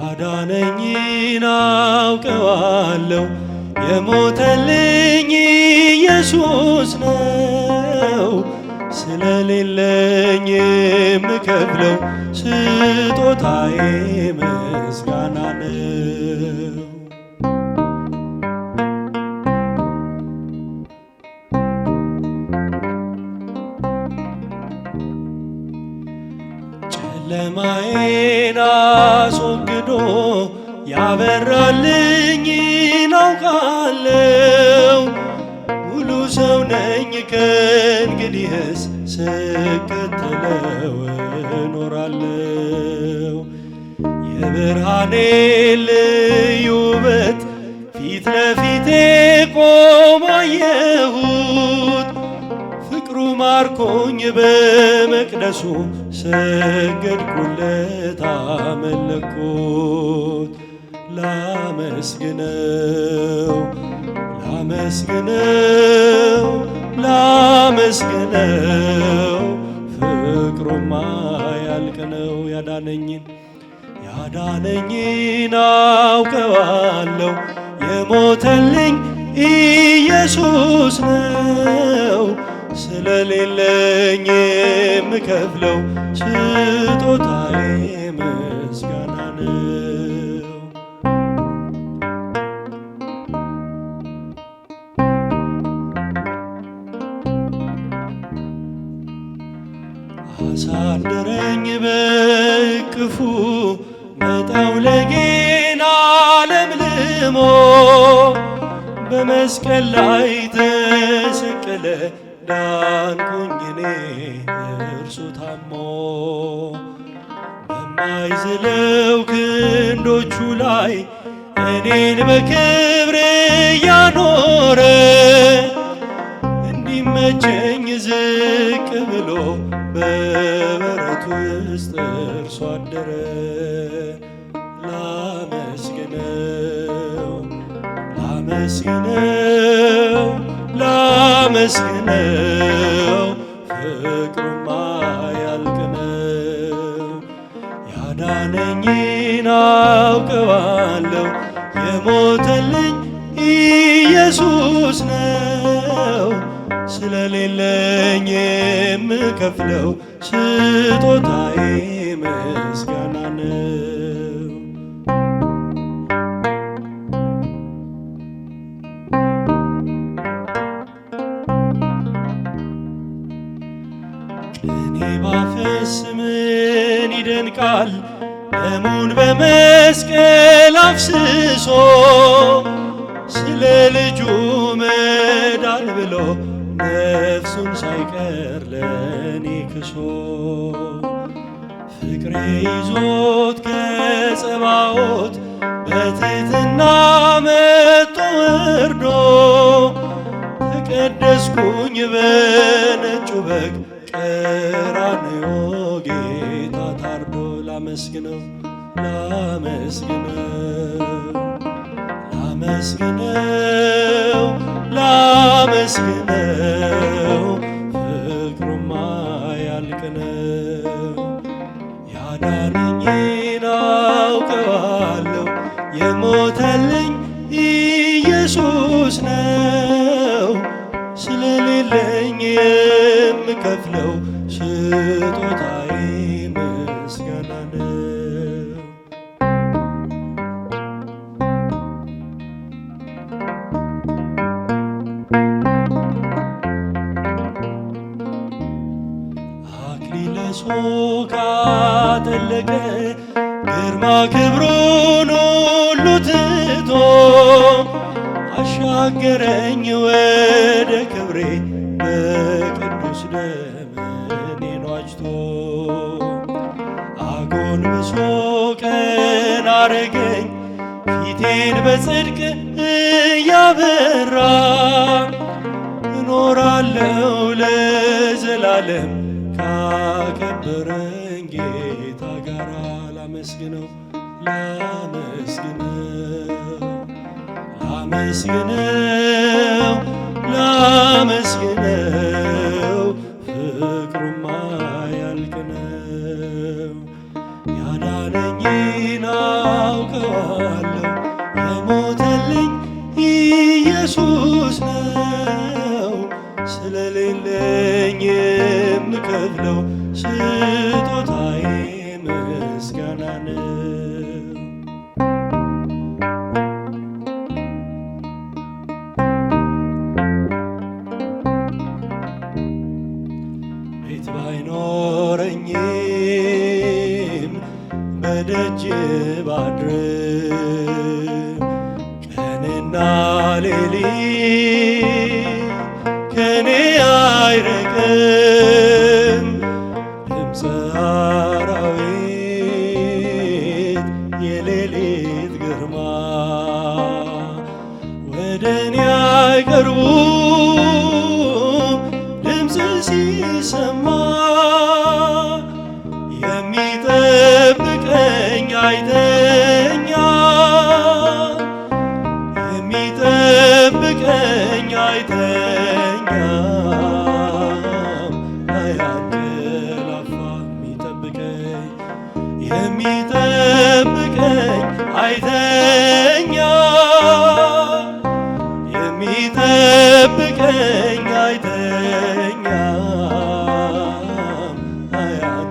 ያዳነኝን አውቀዋለሁ የሞተልኝ ኢየሱስ ነው። ስለሌለኝ የምከፍለው ስጦታዬ ምስጋና ነው። ጨለማዬ ያበራልኝ ናውቃለው ሙሉ ሰው ነኝ ከእንግዲህስ ስከተለው እኖራለው የብርሃኔ ልዩ ውበት ፊት ለፊቴ ቆማየሁ ማርኮኝ በመቅደሱ ሰገድኩለት አመለኩት ላመስግነው ላመስግነው ላመስግነው ፍቅሩማ ያልቅነው ያዳነኝን ያዳነኝን አውቀዋለው የሞተልኝ ኢየሱስ ነው ስለሌለኝ የምከፍለው ስጦታዬ ምስጋና ነው። አሳደረኝ በክፉ መጣው ለጌና ለምልሞ በመስቀል ላይ ተሰቀለ ዳንኩኝ እኔ እርሱ ታሞ በማይዝለው ክንዶቹ ላይ እኔን በክብር እያኖረ እንዲመቸኝ ዝቅ ብሎ በበረት ውስጥ እርሱ አደረ። ላመስግነው ላመስግነው ላመስግነው ፍቅሩማ ያልቅነው ያዳነኝን አውቀዋለሁ የሞተልኝ ኢየሱስ ነው ስለሌለኝ የምከፍለው ስጦታዬ ምስጋና ነው። ቅኔ ባፈስምን ይደንቃል ደሙን በመስቀል አፍስሶ ስለ ልጁ መዳን ብሎ ነፍሱን ሳይቀር ለኔ ክሶ ፍቅሬ ይዞት ከጸባዖት በትሕትና መጦ ወርዶ ተቀደስኩኝ በነጩ በግ ላመስግነው ላመስግነው ላመስግነው ፍቅሩማ ያልቅነው ያዳነኝን አውቀዋለሁ የሞተልኝ ኢየሱስ ነው ስለሌለኝ የምከፍለው ስጦታዬ ካጠለቀ ግርማ ክብሩን ሁሉ ትቶ አሻገረኝ ወደ ክብሬ በቅዱስ ደምን ዋጅቶ አጎንብሶ ቀና አረገኝ ፊቴን በጽድቅ እያበራ እኖራለው ለዘላለም ካደረኝ ጌታ ጋር ላመስግነው ላመስግነው የምከፍለው ስጦታዬ ምስጋና ነው። ቤት ባይኖረኝም በደጅ ባድር ቀንና ሌሊት ከኔ አይርቅም ሳይቀርቡ ድምፅ ሲሰማ የሚጠብቀኝ አይተ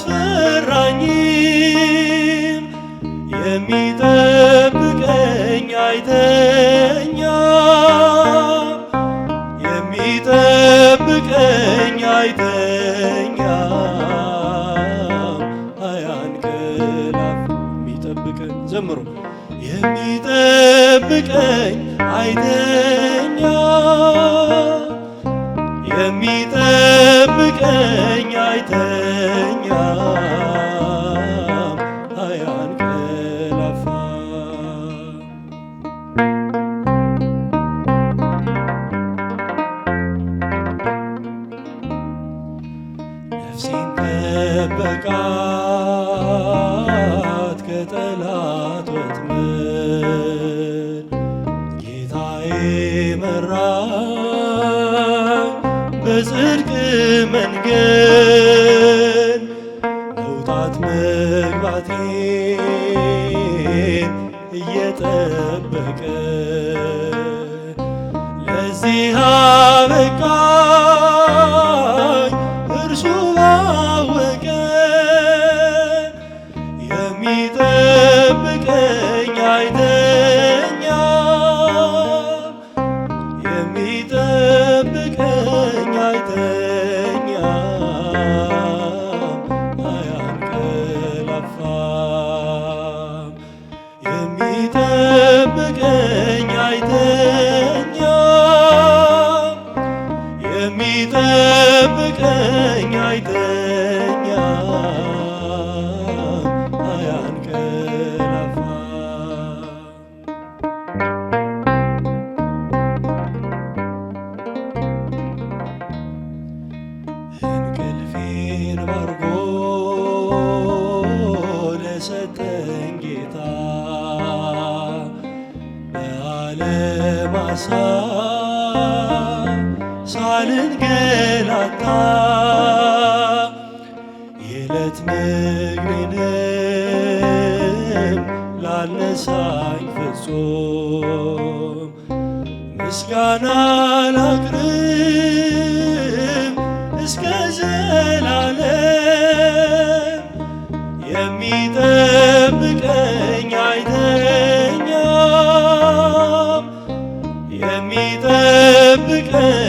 አያስፈራኝም የሚጠብቀኝ አይተኛም የሚጠብቀኝ አይተኛም አያንቀላፍ የሚጠብቀኝ ዘምሮ የሚጠብቀኝ አይተኛም የሚጠብቀኝ አይተኛ አይተኛ የሚጠብቀኝ አይተኛም፣ የሚጠብቀኝ አይተኛም፣ አያንቀላፋም፣ የሚጠብቀኝ አይተኛም ልቤን ባርኮ ለሰጠኝ ጌታ በዓለም ሐሳብ ሳልንገላታ የዕለት ምግቤንም ላነሳኝ ፍጹም ምስጋና ላቅርብ እስከ ዘላለም የሚጠብቀኝ አይተኛም የሚጠብቀኝ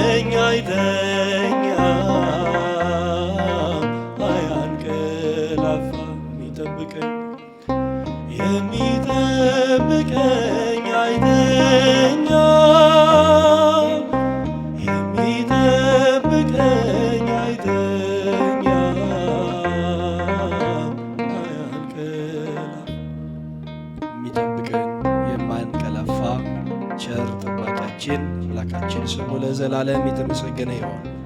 跟那个。